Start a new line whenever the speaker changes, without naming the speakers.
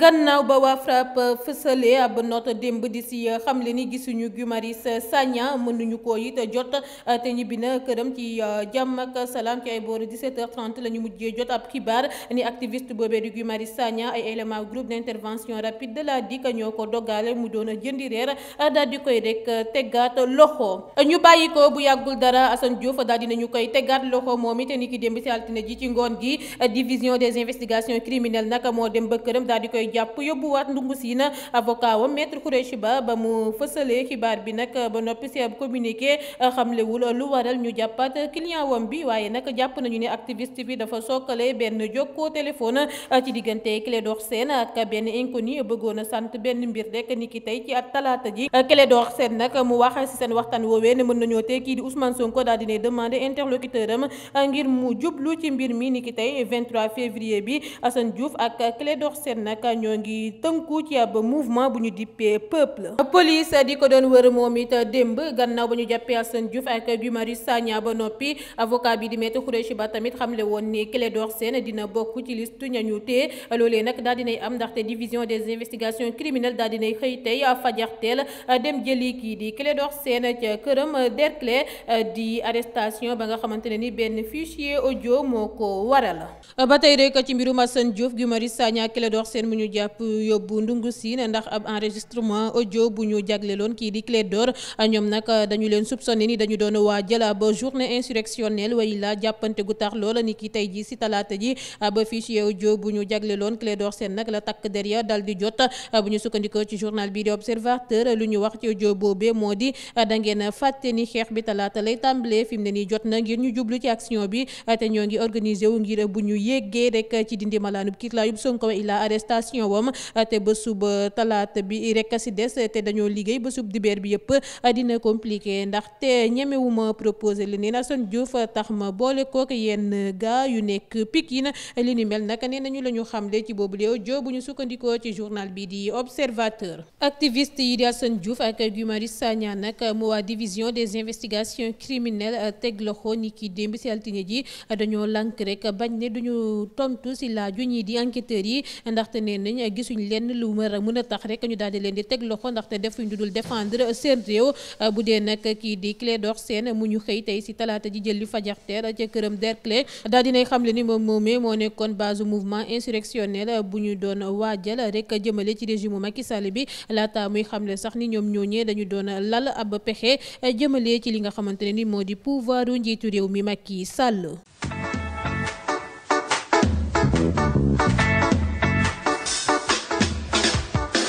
gannaaw ba waa FRAPP fësale ab note démb di si xamle ni gisuñu Guy Marius Sagna mënuñu ko it jot te ñibbi na këram ci euh, jàmm ak salaam ci ay booru 17 h la ñu mujjee jot ab xibaar ni activiste boobee di Guy Marius Sagna ay élément groupe d'intervention rapide de la DIC ñoo ko doggaale mu doon jëndi reer daal di koy rek teggaat loxo ñu bàyyi ko bu yàggul dara Assane Diouf daal di nañu koy teggaat loxo moom it ni ki démb si altine ji ci ngoon gi division des investigations moo dem ba këram daal koy jàpp yóbbuwaat ndungu si na avocat wa maître Khoureyssi Ba ba mu fësalee xibaar bi nag ba noppi si ab communiqué euh, xamlewul lu waral ñu jàppaat client wam bi waaye nag jàpp nañu ne activiste bi dafa sokkale benn jokkoo téléphone euh, ci diggante Clédor Sène ak benn inconnu bëggoon a sant benn mbir rek ni ki tey ci at talaata ji euh, Clédor Sène nag mu wax si seen waxtaan woowee ne mën nañoo tey kii di Ousmane Sonko daal dina demandé interlocuteur am ngir mu jublu ci mbir mi ni ki tey 23 bi Assane Diouf ak ñoo ngi tënku ci ab mouvement bu ñu dippee peuple police di ko doon wër moom it démb gannaaw ba ñu jàppee Assane Diouf ak Guy Marius Sagna ba noppi avocat bi di Maître Khoureyssi Ba tamit xamle woon ni Clédor Sène dina bokk ci liste ñañu tee loolee nag daal dinay am ndaxte division des investigations criminelles daal dinay xëy tey fajarteel dem jëli kii di Clédor Sène ca këram Derklé di arrestation ba nga xamante ne ni benn fichier audio moo ko waral bi ñu jàpp yóbbu ndungu siin ndax ab enregistrement audio bu ñu jagleloon kii di clé d'or ñoom nag dañu leen soupçonné ni dañu la jàppante gu tar loola ni ki takk der dal di jot bu ñu sukkandikoo ci journal bii di observateur lu ñu wax ci audio boobee moo di da ngeen fàtte ni xeex bi talaata lay tàmbalee fi mu ne nii jot na ngir ñu jublu ci action bi te ñoo ngi organiser wu ngir bu ñu yéggee rek ci dindi malaanub kiit laayub Sonko arrestation publication wam te ba suba talaata bi rek si des te dañoo liggéey ba sub dibeer bi yëpp dina compliqué ndaxte ñemewuma proposé li neen Assane Diouf tax ma boole kook yenn gaa yu nekk Pikine li ni mel nag nee nañu la ñu xamle ci boobu léew joo bu ñu sukkandikoo ci journal bi di observateur activiste yi di Assane Diouf ak Guy Marius Sagna nag mu waa division des investigations criminelles teg loxo ni ki démb si altine ji dañoo lank rek bañ ne duñu tontu si laaju nee nañ gisuñ lenn lu mën a tax rekk ñu daal di leen di teg loxo ndaxte defuñ dudul défendre seen réew bu dee nag kii di Clédor Sène mu ñu xëy tey si talaata ji jël li fajarteer ca këram Derklé daal dinay xam le ni moom moomee moo nekkoon base mouvement insurrectionnel bu ñu doon waajal rek jëmalee ci régime Macky Sall bi laata muy xamle sax ni ñoom ñooñee dañu doon lal ab pexe jëmale ci li nga xamante ne ni moo di pouvoiru njiitu réew mi Macky Sall